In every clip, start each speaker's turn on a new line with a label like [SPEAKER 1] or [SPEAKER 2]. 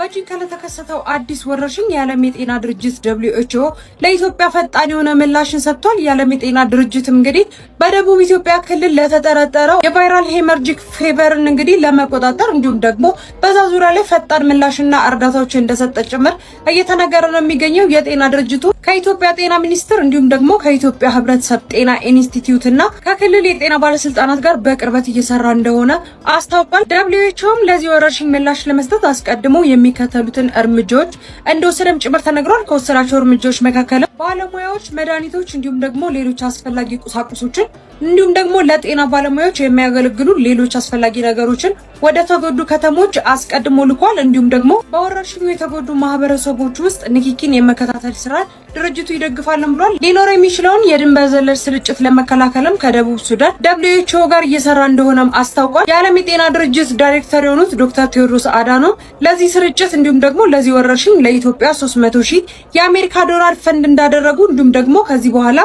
[SPEAKER 1] በጂንካ ለተከሰተው አዲስ ወረርሽኝ የዓለም የጤና ድርጅት ደብሊው ኤች ኦ ለኢትዮጵያ ፈጣን የሆነ ምላሽን ሰጥቷል። የዓለም የጤና ድርጅትም እንግዲህ በደቡብ ኢትዮጵያ ክልል ለተጠረጠረው የቫይራል ሄመርጂክ ፌቨርን እንግዲህ ለመቆጣጠር እንዲሁም ደግሞ በዛ ዙሪያ ላይ ፈጣን ምላሽና እርዳታዎች እንደሰጠ ጭምር እየተነገረ ነው የሚገኘው የጤና ድርጅቱ ከኢትዮጵያ ጤና ሚኒስቴር እንዲሁም ደግሞ ከኢትዮጵያ ህብረተሰብ ጤና ኢንስቲትዩት እና ከክልል የጤና ባለስልጣናት ጋር በቅርበት እየሰራ እንደሆነ አስታውቋል። ደብሊው ኤችኦም ለዚህ ወረርሽኝ ምላሽ ለመስጠት አስቀድሞ የሚከተሉትን እርምጃዎች እንደወሰደም ጭምር ተነግሯል። ከወሰዳቸው እርምጃዎች መካከል ባለሙያዎች መድኃኒቶች፣ እንዲሁም ደግሞ ሌሎች አስፈላጊ ቁሳቁሶችን እንዲሁም ደግሞ ለጤና ባለሙያዎች የሚያገለግሉ ሌሎች አስፈላጊ ነገሮችን ወደ ተጎዱ ከተሞች አስቀድሞ ልኳል። እንዲሁም ደግሞ በወረርሽኙ የተጎዱ ማህበረሰቦች ውስጥ ንኪኪን የመከታተል ስራ ድርጅቱ ይደግፋለን ብሏል። ሊኖር የሚችለውን የድንበር ዘለል ስርጭት ለመከላከልም ከደቡብ ሱዳን ደብሊው ኤች ኦ ጋር እየሰራ እንደሆነም አስታውቋል። የዓለም የጤና ድርጅት ዳይሬክተር የሆኑት ዶክተር ቴዎድሮስ አዳኖም ለዚህ ስርጭት እንዲሁም ደግሞ ለዚህ ወረርሽኝ ለኢትዮጵያ 300 ሺህ የአሜሪካ ዶላር ፈንድ እንዳ እንዳደረጉ እንዲሁም ደግሞ ከዚህ በኋላ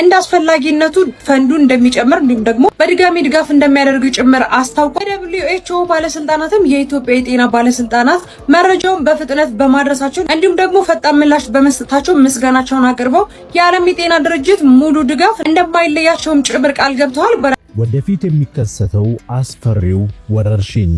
[SPEAKER 1] እንደ አስፈላጊነቱ ፈንዱ እንደሚጨምር እንዲሁም ደግሞ በድጋሚ ድጋፍ እንደሚያደርጉ ጭምር አስታውቋል። የደብሊዩ ኤች ኦ ባለስልጣናትም የኢትዮጵያ የጤና ባለስልጣናት መረጃውን በፍጥነት በማድረሳቸው እንዲሁም ደግሞ ፈጣን ምላሽ በመስጠታቸው ምስጋናቸውን አቅርበው የዓለም የጤና ድርጅት ሙሉ ድጋፍ እንደማይለያቸውም ጭምር ቃል ገብተዋል።
[SPEAKER 2] ወደፊት የሚከሰተው አስፈሪው ወረርሽኝ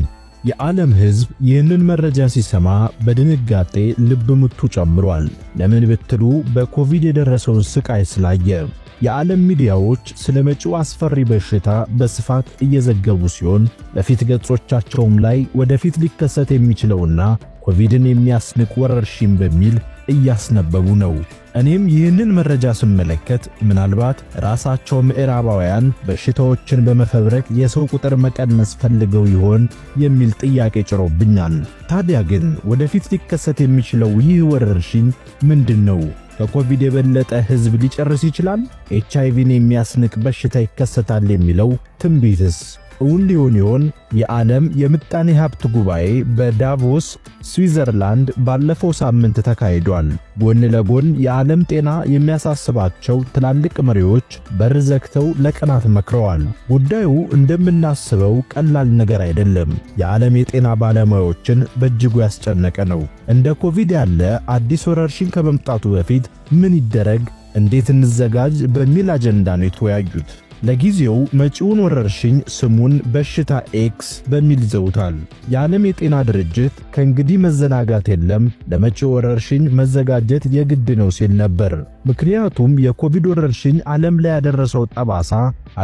[SPEAKER 2] የዓለም ሕዝብ ይህንን መረጃ ሲሰማ በድንጋጤ ልብ ምቱ ጨምሯል። ለምን ብትሉ በኮቪድ የደረሰውን ስቃይ ስላየ። የዓለም ሚዲያዎች ስለ መጪው አስፈሪ በሽታ በስፋት እየዘገቡ ሲሆን በፊት ገጾቻቸውም ላይ ወደፊት ሊከሰት የሚችለውና ኮቪድን የሚያስንቅ ወረርሽኝ በሚል እያስነበቡ ነው። እኔም ይህንን መረጃ ስመለከት ምናልባት ራሳቸው ምዕራባውያን በሽታዎችን በመፈብረክ የሰው ቁጥር መቀነስ ፈልገው ይሆን የሚል ጥያቄ ጭሮብኛል። ታዲያ ግን ወደፊት ሊከሰት የሚችለው ይህ ወረርሽኝ ምንድን ነው? ከኮቪድ የበለጠ ሕዝብ ሊጨርስ ይችላል? ኤች አይቪን የሚያስንቅ በሽታ ይከሰታል የሚለው ትንቢትስ እውን ሊሆን ይሆን? የዓለም የምጣኔ ሀብት ጉባኤ በዳቮስ ስዊዘርላንድ ባለፈው ሳምንት ተካሂዷል። ጎን ለጎን የዓለም ጤና የሚያሳስባቸው ትላልቅ መሪዎች በር ዘግተው ለቀናት መክረዋል። ጉዳዩ እንደምናስበው ቀላል ነገር አይደለም። የዓለም የጤና ባለሙያዎችን በእጅጉ ያስጨነቀ ነው። እንደ ኮቪድ ያለ አዲስ ወረርሽኝ ከመምጣቱ በፊት ምን ይደረግ፣ እንዴት እንዘጋጅ በሚል አጀንዳ ነው የተወያዩት። ለጊዜው መጪውን ወረርሽኝ ስሙን በሽታ ኤክስ በሚል ይዘውታል። የዓለም የጤና ድርጅት ከእንግዲህ መዘናጋት የለም፣ ለመጪው ወረርሽኝ መዘጋጀት የግድ ነው ሲል ነበር። ምክንያቱም የኮቪድ ወረርሽኝ ዓለም ላይ ያደረሰው ጠባሳ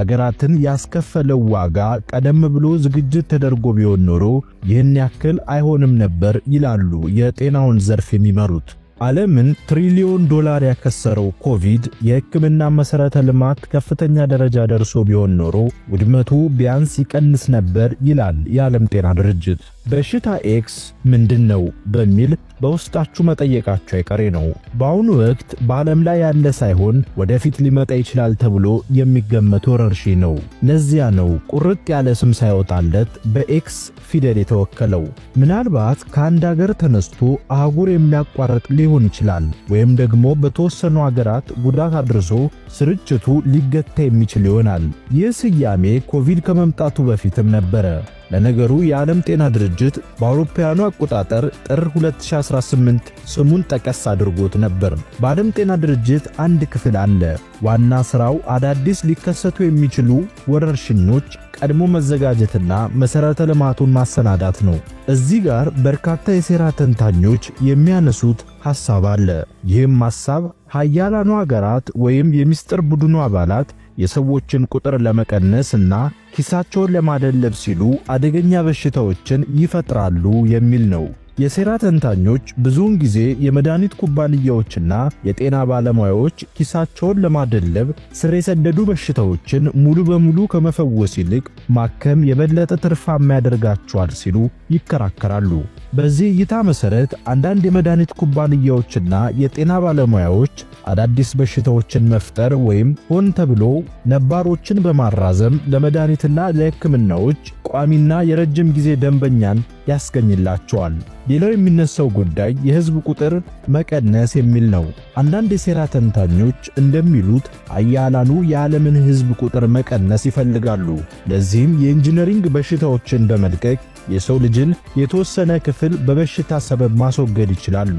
[SPEAKER 2] አገራትን ያስከፈለው ዋጋ ቀደም ብሎ ዝግጅት ተደርጎ ቢሆን ኖሮ ይህን ያክል አይሆንም ነበር ይላሉ የጤናውን ዘርፍ የሚመሩት። ዓለምን ትሪሊዮን ዶላር ያከሰረው ኮቪድ የሕክምና መሠረተ ልማት ከፍተኛ ደረጃ ደርሶ ቢሆን ኖሮ ውድመቱ ቢያንስ ይቀንስ ነበር ይላል የዓለም ጤና ድርጅት። በሽታ ኤክስ ምንድን ነው በሚል በውስጣችሁ መጠየቃችሁ አይቀሬ ነው። በአሁኑ ወቅት በዓለም ላይ ያለ ሳይሆን ወደፊት ሊመጣ ይችላል ተብሎ የሚገመት ወረርሽኝ ነው። ለዚያ ነው ቁርጥ ያለ ስም ሳይወጣለት በኤክስ ፊደል የተወከለው። ምናልባት ከአንድ አገር ተነስቶ አህጉር የሚያቋርጥ ሊሆን ይችላል፣ ወይም ደግሞ በተወሰኑ አገራት ጉዳት አድርሶ ስርጭቱ ሊገታ የሚችል ይሆናል። ይህ ስያሜ ኮቪድ ከመምጣቱ በፊትም ነበረ። ለነገሩ የዓለም ጤና ድርጅት በአውሮፓውያኑ አቆጣጠር ጥር 2018 ስሙን ጠቀስ አድርጎት ነበር። በዓለም ጤና ድርጅት አንድ ክፍል አለ። ዋና ሥራው አዳዲስ ሊከሰቱ የሚችሉ ወረርሽኞች ቀድሞ መዘጋጀትና መሠረተ ልማቱን ማሰናዳት ነው። እዚህ ጋር በርካታ የሴራ ተንታኞች የሚያነሱት ሐሳብ አለ። ይህም ሐሳብ ሀያላኑ አገራት ወይም የምስጢር ቡድኑ አባላት የሰዎችን ቁጥር ለመቀነስ እና ኪሳቸውን ለማደለብ ሲሉ አደገኛ በሽታዎችን ይፈጥራሉ የሚል ነው። የሴራ ተንታኞች ብዙውን ጊዜ የመድኃኒት ኩባንያዎችና የጤና ባለሙያዎች ኪሳቸውን ለማደለብ ስር የሰደዱ በሽታዎችን ሙሉ በሙሉ ከመፈወስ ይልቅ ማከም የበለጠ ትርፋማ ያደርጋቸዋል ሲሉ ይከራከራሉ። በዚህ እይታ መሰረት አንዳንድ የመድኃኒት ኩባንያዎችና የጤና ባለሙያዎች አዳዲስ በሽታዎችን መፍጠር ወይም ሆን ተብሎ ነባሮችን በማራዘም ለመድኃኒትና ለሕክምናዎች ቋሚና የረጅም ጊዜ ደንበኛን ያስገኝላቸዋል። ሌላው የሚነሳው ጉዳይ የህዝብ ቁጥር መቀነስ የሚል ነው። አንዳንድ የሴራ ተንታኞች እንደሚሉት አያላኑ የዓለምን ህዝብ ቁጥር መቀነስ ይፈልጋሉ። ለዚህም የኢንጂነሪንግ በሽታዎችን በመልቀቅ የሰው ልጅን የተወሰነ ክፍል በበሽታ ሰበብ ማስወገድ ይችላሉ።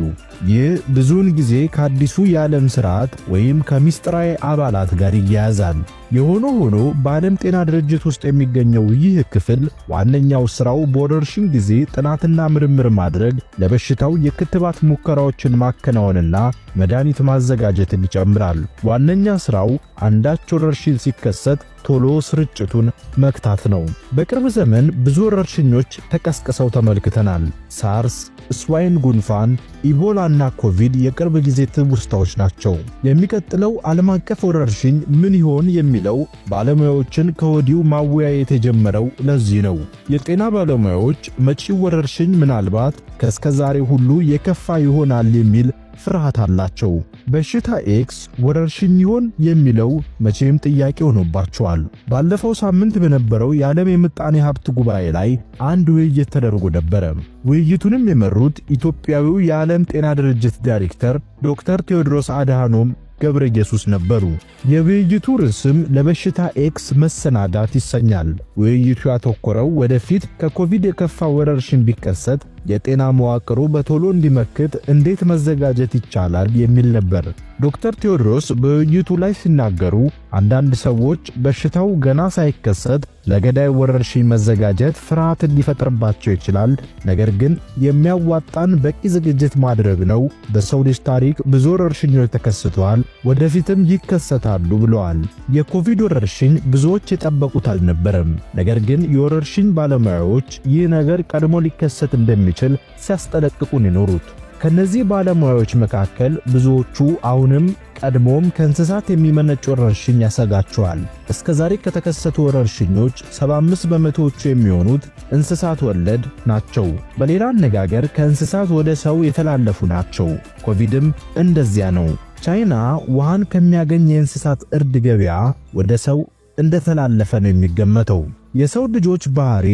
[SPEAKER 2] ይህ ብዙውን ጊዜ ከአዲሱ የዓለም ሥርዓት ወይም ከሚስጥራዊ አባላት ጋር ይያያዛል። የሆነ ሆኖ በዓለም ጤና ድርጅት ውስጥ የሚገኘው ይህ ክፍል ዋነኛው ሥራው በወረርሽኝ ጊዜ ጥናትና ምርምር ማድረግ፣ ለበሽታው የክትባት ሙከራዎችን ማከናወንና መድኃኒት ማዘጋጀትን ይጨምራል። ዋነኛ ሥራው አንዳች ወረርሽኝ ሲከሰት ቶሎ ስርጭቱን መክታት ነው። በቅርብ ዘመን ብዙ ወረርሽኞች ተቀስቅሰው ተመልክተናል። ሳርስ፣ ስዋይን ጉንፋን፣ ኢቦላ እና ኮቪድ የቅርብ ጊዜ ትውስታዎች ናቸው። የሚቀጥለው ዓለም አቀፍ ወረርሽኝ ምን ይሆን የሚለው ባለሙያዎችን ከወዲሁ ማወያየት የጀመረው ለዚህ ነው። የጤና ባለሙያዎች መጪው ወረርሽኝ ምናልባት ከእስከዛሬ ሁሉ የከፋ ይሆናል የሚል ፍርሃት አላቸው። በሽታ ኤክስ ወረርሽኝ ይሆን የሚለው መቼም ጥያቄ ሆኖባቸዋል። ባለፈው ሳምንት በነበረው የዓለም የምጣኔ ሀብት ጉባኤ ላይ አንድ ውይይት ተደርጎ ነበረ። ውይይቱንም የመሩት ኢትዮጵያዊው የዓለም ጤና ድርጅት ዳይሬክተር ዶክተር ቴዎድሮስ አድሃኖም ገብረ ኢየሱስ ነበሩ። የውይይቱ ርዕስም ለበሽታ ኤክስ መሰናዳት ይሰኛል። ውይይቱ ያተኮረው ወደፊት ከኮቪድ የከፋ ወረርሽኝ ቢከሰት የጤና መዋቅሩ በቶሎ እንዲመክት እንዴት መዘጋጀት ይቻላል የሚል ነበር። ዶክተር ቴዎድሮስ በውይይቱ ላይ ሲናገሩ አንዳንድ ሰዎች በሽታው ገና ሳይከሰት ለገዳይ ወረርሽኝ መዘጋጀት ፍርሃት ሊፈጥርባቸው ይችላል። ነገር ግን የሚያዋጣን በቂ ዝግጅት ማድረግ ነው። በሰው ልጅ ታሪክ ብዙ ወረርሽኞች ተከስተዋል፣ ወደፊትም ይከሰታሉ ብለዋል። የኮቪድ ወረርሽኝ ብዙዎች የጠበቁት አልነበረም። ነገር ግን የወረርሽኝ ባለሙያዎች ይህ ነገር ቀድሞ ሊከሰት እንደሚችል ሲያስጠነቅቁን ይኖሩት። ከነዚህ ባለሙያዎች መካከል ብዙዎቹ አሁንም ቀድሞም ከእንስሳት የሚመነጭ ወረርሽኝ ያሰጋቸዋል። እስከ ዛሬ ከተከሰቱ ወረርሽኞች 75 በመቶዎቹ የሚሆኑት እንስሳት ወለድ ናቸው። በሌላ አነጋገር ከእንስሳት ወደ ሰው የተላለፉ ናቸው። ኮቪድም እንደዚያ ነው። ቻይና ውሃን ከሚያገኝ የእንስሳት እርድ ገበያ ወደ ሰው እንደተላለፈ ነው የሚገመተው። የሰው ልጆች ባህሪ፣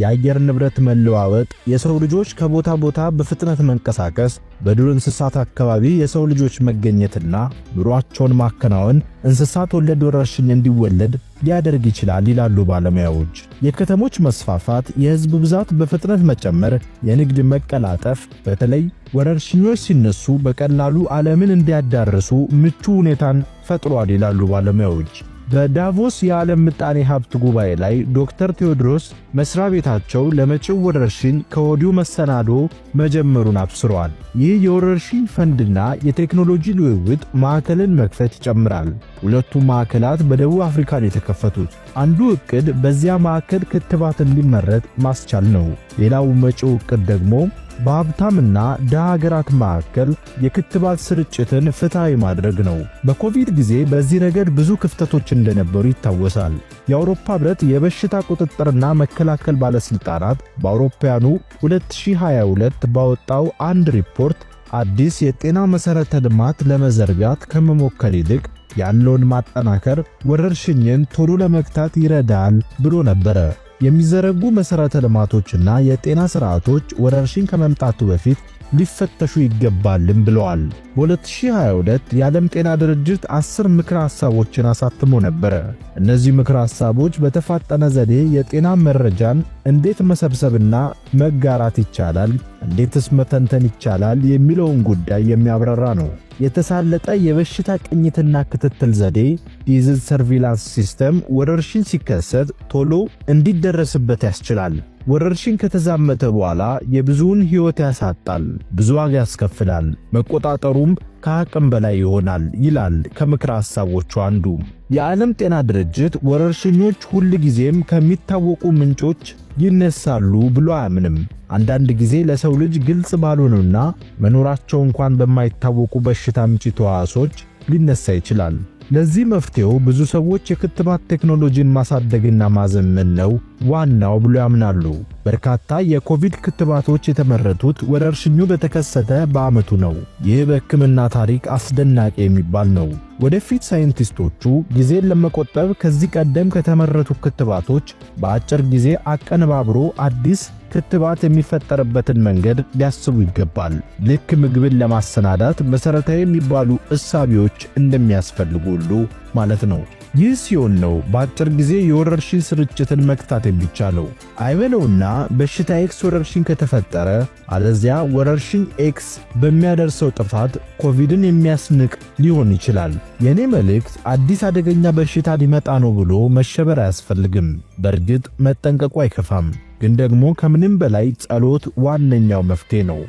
[SPEAKER 2] የአየር ንብረት መለዋወጥ፣ የሰው ልጆች ከቦታ ቦታ በፍጥነት መንቀሳቀስ፣ በዱር እንስሳት አካባቢ የሰው ልጆች መገኘትና ኑሯቸውን ማከናወን እንስሳት ወለድ ወረርሽኝ እንዲወለድ ሊያደርግ ይችላል ይላሉ ባለሙያዎች። የከተሞች መስፋፋት፣ የህዝብ ብዛት በፍጥነት መጨመር፣ የንግድ መቀላጠፍ በተለይ ወረርሽኞች ሲነሱ በቀላሉ ዓለምን እንዲያዳርሱ ምቹ ሁኔታን ፈጥሯል ይላሉ ባለሙያዎች። በዳቮስ የዓለም ምጣኔ ሀብት ጉባኤ ላይ ዶክተር ቴዎድሮስ መስሪያ ቤታቸው ለመጪው ወረርሽኝ ከወዲሁ መሰናዶ መጀመሩን አብስረዋል። ይህ የወረርሽኝ ፈንድና የቴክኖሎጂ ልውውጥ ማዕከልን መክፈት ይጨምራል። ሁለቱ ማዕከላት በደቡብ አፍሪካን የተከፈቱት አንዱ ዕቅድ በዚያ ማዕከል ክትባት እንዲመረት ማስቻል ነው። ሌላው መጪው ዕቅድ ደግሞ በሀብታምና ደሃ ሀገራት መካከል የክትባት ስርጭትን ፍትሐዊ ማድረግ ነው። በኮቪድ ጊዜ በዚህ ረገድ ብዙ ክፍተቶች እንደነበሩ ይታወሳል። የአውሮፓ ህብረት የበሽታ ቁጥጥርና መከላከል ባለሥልጣናት በአውሮፓውያኑ 2022 ባወጣው አንድ ሪፖርት አዲስ የጤና መሠረተ ልማት ለመዘርጋት ከመሞከር ይልቅ ያለውን ማጠናከር ወረርሽኝን ቶሎ ለመግታት ይረዳል ብሎ ነበረ። የሚዘረጉ መሰረተ ልማቶችና የጤና ስርዓቶች ወረርሽኝ ከመምጣቱ በፊት ሊፈተሹ ይገባልም ብለዋል። በ2022 የዓለም ጤና ድርጅት 10 ምክር ሐሳቦችን አሳትሞ ነበር። እነዚህ ምክር ሐሳቦች በተፋጠነ ዘዴ የጤና መረጃን እንዴት መሰብሰብና መጋራት ይቻላል እንዴትስ መተንተን ይቻላል የሚለውን ጉዳይ የሚያብራራ ነው። የተሳለጠ የበሽታ ቅኝትና ክትትል ዘዴ ዲዝል ሰርቪላንስ ሲስተም ወረርሽኝ ሲከሰት ቶሎ እንዲደረስበት ያስችላል። ወረርሽኝ ከተዛመተ በኋላ የብዙውን ሕይወት ያሳጣል፣ ብዙ ዋጋ ያስከፍላል፣ መቆጣጠሩም ከአቅም በላይ ይሆናል ይላል ከምክረ ሐሳቦቹ አንዱ። የዓለም ጤና ድርጅት ወረርሽኞች ሁል ጊዜም ከሚታወቁ ምንጮች ይነሳሉ ብሎ አያምንም። አንዳንድ ጊዜ ለሰው ልጅ ግልጽ ባልሆኑና መኖራቸው እንኳን በማይታወቁ በሽታ አምጪ ተዋሶች ሊነሳ ይችላል። ለዚህ መፍትሄው ብዙ ሰዎች የክትባት ቴክኖሎጂን ማሳደግና ማዘመን ነው ዋናው ብሎ ያምናሉ። በርካታ የኮቪድ ክትባቶች የተመረቱት ወረርሽኙ በተከሰተ በዓመቱ ነው። ይህ በሕክምና ታሪክ አስደናቂ የሚባል ነው። ወደፊት ሳይንቲስቶቹ ጊዜን ለመቆጠብ ከዚህ ቀደም ከተመረቱ ክትባቶች በአጭር ጊዜ አቀነባብሮ አዲስ ክትባት የሚፈጠርበትን መንገድ ሊያስቡ ይገባል። ልክ ምግብን ለማሰናዳት መሠረታዊ የሚባሉ እሳቢዎች እንደሚያስፈልጉ ሁሉ ማለት ነው። ይህ ሲሆን ነው በአጭር ጊዜ የወረርሽኝ ስርጭትን መግታት የሚቻለው። አይበለውና በሽታ ኤክስ ወረርሽኝ ከተፈጠረ፣ አለዚያ ወረርሽኝ ኤክስ በሚያደርሰው ጥፋት ኮቪድን የሚያስንቅ ሊሆን ይችላል። የእኔ መልእክት አዲስ አደገኛ በሽታ ሊመጣ ነው ብሎ መሸበር አያስፈልግም። በእርግጥ መጠንቀቁ አይከፋም፣ ግን ደግሞ ከምንም በላይ ጸሎት ዋነኛው መፍትሄ ነው።